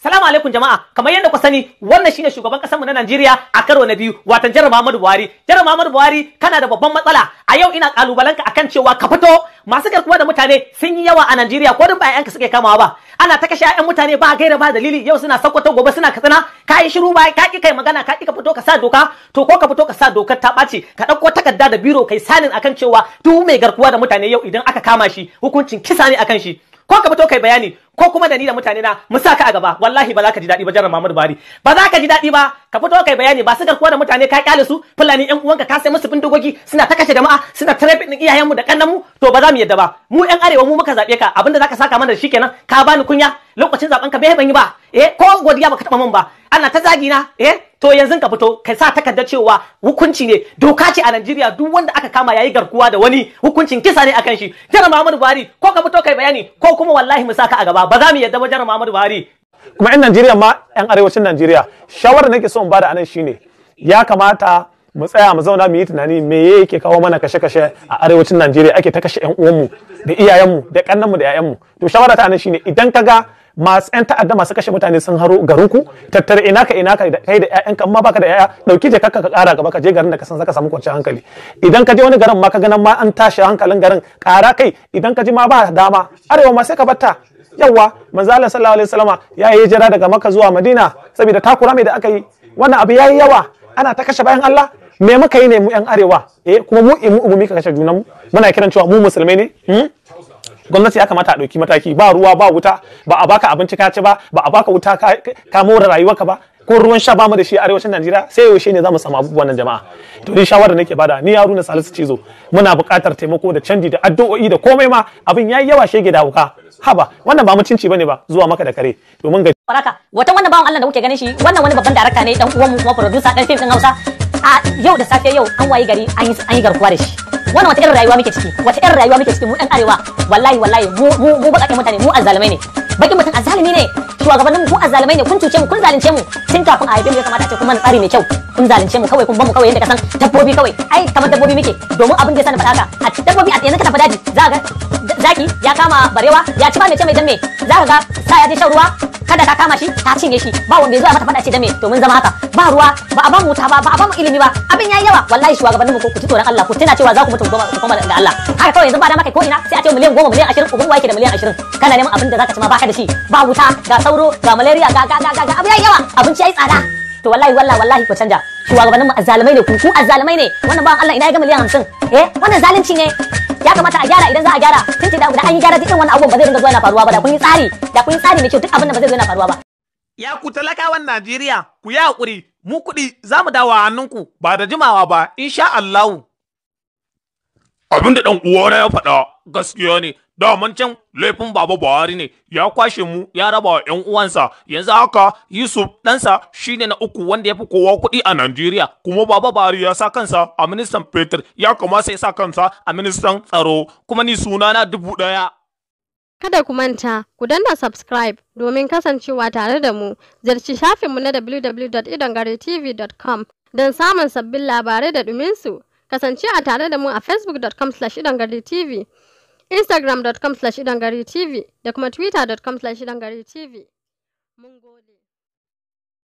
Salamu alaikum jama'a, kamar yadda ku sani wannan shine shugaban mu na Najeriya a karo na biyu, wato Janar Muhammadu Buhari. Janar Muhammadu Buhari kana da babban matsala. A yau ina kalubalanka akan cewa ka fito masu garkuwa da mutane sun yi yawa a Najeriya ko duk ba yayanka suke kamawa ba. Ana ta kashe ƴaƴan mutane ba gaira ba dalili yau suna sakkwato gobe suna katsina ka yi shiru ba ka ki kai magana ka ki ka fito ka sa doka to ko ka fito ka sa dokar ta ɓaci ka ɗauko takarda da biro kai sanin akan cewa duk mai garkuwa da mutane yau idan aka kama shi hukuncin kisa ne akan shi. ko ka fito kai bayani ko kuma da ni da mutane na mu sa ka a gaba wallahi ba za ka ji daɗi ba jarar Muhammadu Buhari ba za ka ji daɗi ba ka fito kai bayani ba su garkuwa da mutane ka kyale su fulani ƴan uwanka ka sai musu bindigogi suna ta kashe jama'a suna tarafi din mu da mu to ba za mu yadda ba mu ƴan arewa mu muka zabe ka abinda za ka saka mana da shikenan ka bani kunya lokacin zaben ka bai ban yi ba eh ko godiya baka taba min ba ana ta zagi na eh to yanzu ka fito kai sa takardar cewa hukunci ne doka ce a Najeriya duk wanda aka kama yayi garkuwa da wani hukuncin kisa ne akan shi jara Muhammadu Buhari ko ka fito kai bayani ko kuma wallahi mu saka a gaba ba za mu yadda ba Muhammadu Buhari kuma yan Najeriya ma yan arewacin Najeriya shawara nake so in bada anan shine ya kamata mu tsaya mu zauna mu yi tunani me yake kawo mana kashe-kashe a arewacin Najeriya ake ta kashe yan uwanmu da iyayenmu da kannanmu da yayanmu to shawara ta anan shine idan kaga masu yan ta'adda masu kashe mutane sun haro garin ku tattare ina ka ina ka kai da ka amma baka da ƴaƴa dauki je kakka ka ƙara gaba ka je garin da ka san zaka samu kwanciyar hankali idan ka je wani garin ma ka ganin ma an tashi hankalin garin ƙara kai idan ka ji ma ba dama arewa ma sai ka batta yawa manzo Allah sallallahu alaihi wasallama ya yi jira daga Makka zuwa Madina saboda takura mai da aka yi wannan abu yayi yawa ana ta kashe bayan Allah me muka yi ne mu yan arewa eh kuma mu mu muka kashe junan mu muna kiran cewa mu musulmai ne hmm? gwamnati ya kamata a ɗauki mataki ba ruwa ba wuta ba a baka abinci ka ci ba ba a baka wuta ka more rayuwarka ba ko ruwan sha ba mu da shi a arewacin Najeriya sai yaushe ne zamu samu abubuwan nan jama'a to ni shawara nake bada ni yaro na Salisu Cizo muna buƙatar taimako da canji da addu'o'i da komai ma abin yayi yawa shege da wuka haba wannan ba mutunci bane ba zuwa maka da kare domin ga baraka watan wannan bawan Allah da kuke ganin shi wannan wani babban darakta ne dan uwan mu kuma producer dan film din Hausa a yau da safe yau an wayi gari an yi garkuwa da shi wannan wata irin rayuwa muke ciki wata irin rayuwa muke ciki mu dan arewa wallahi wallahi mu mu mu mutane mu azzalumai ne bakin mutum azzalumi ne mu ku azzalumai ne kun cuce mu kun zalunce mu tun kafin a haife mu ya kamata a ce kun mana tsari mai kyau kun zalunce mu kawai kun bamu kawai yadda ka san dabbobi kawai ai kamar dabbobi muke domin abin da ya sani fada ka a dabbobi a yanzu ka tafi daji za ka zaki ya kama barewa ya ci ba mai ce mai dan me za ka ga sa ya je shan ruwa kada ta kama shi ta cinye shi ba wanda ya zo mata fada ce da me to mun zama haka ba ruwa ba a ba mu wuta ba ba a ba mu ilimi ba abin yayi yawa wallahi shugabannin mu ko ku ji tsoron Allah ku tana cewa za ku mutu goma ku koma da Allah haka kawai yanzu ba da maka ko ina sai a ce miliyan goma miliyan ashirin waye wake da miliyan ashirin kana neman abin da zaka ci ma baka da shi ba wuta ga sauro ga malaria ga ga ga ga abu yayi yawa abinci yayi tsada to wallahi wallahi wallahi ku canja shugabannin mu azzalmai ne ku ku azzalmai ne wannan ba Allah ina ya ga miliyan 50 eh wannan zalunci ne ya kamata a gyara idan za a gyara tun da da an yi gyara duk wannan abubuwan ba zai dinga zuwa yana faruwa ba da kun yi tsari da kun yi tsari mai kyau duk abin da ba zai zo yana faruwa ba ya ku talakawan Najeriya ku yi hakuri mu kuɗi za mu dawo hannunku ba da jimawa ba insha Allahu abin da dan uwa ya faɗa gaskiya ne daman can laifin baba Buhari ne ya kwashe mu ya raba wa uwansa yanzu haka Yusuf ɗansa shine na uku wanda ya fi kowa kuɗi a Najeriya kuma baba Buhari ya sa kansa a ministan fetur ya kuma sai sa kansa a ministan tsaro kuma ni sunana dubu ɗaya. Kada ku manta, ku danna subscribe domin kasancewa tare da mu, zarci shafinmu na www.idongaretv.com don samun sabbin labarai da ɗuminsu. Kasance a tare da mu a facebook.com/idongaretv. instagram.com/idangari tv da kuma twitter.com/idangari tv. Mun gode.